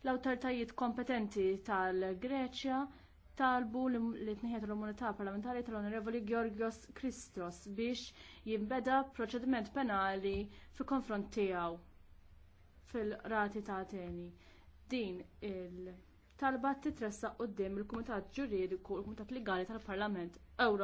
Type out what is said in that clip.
L-awtoritajiet kompetenti tal-Greċja talbu li tnieħed l-immunità parlamentari tal-Onorevoli Georgios Christos biex jinbeda proċediment penali fil konfront tiegħu fil-rati ta' Ateni. Din il- talba titressaq quddiem il-Kumitat Ġuridiku u l-Kumitat Legali tal-Parlament Ewropew.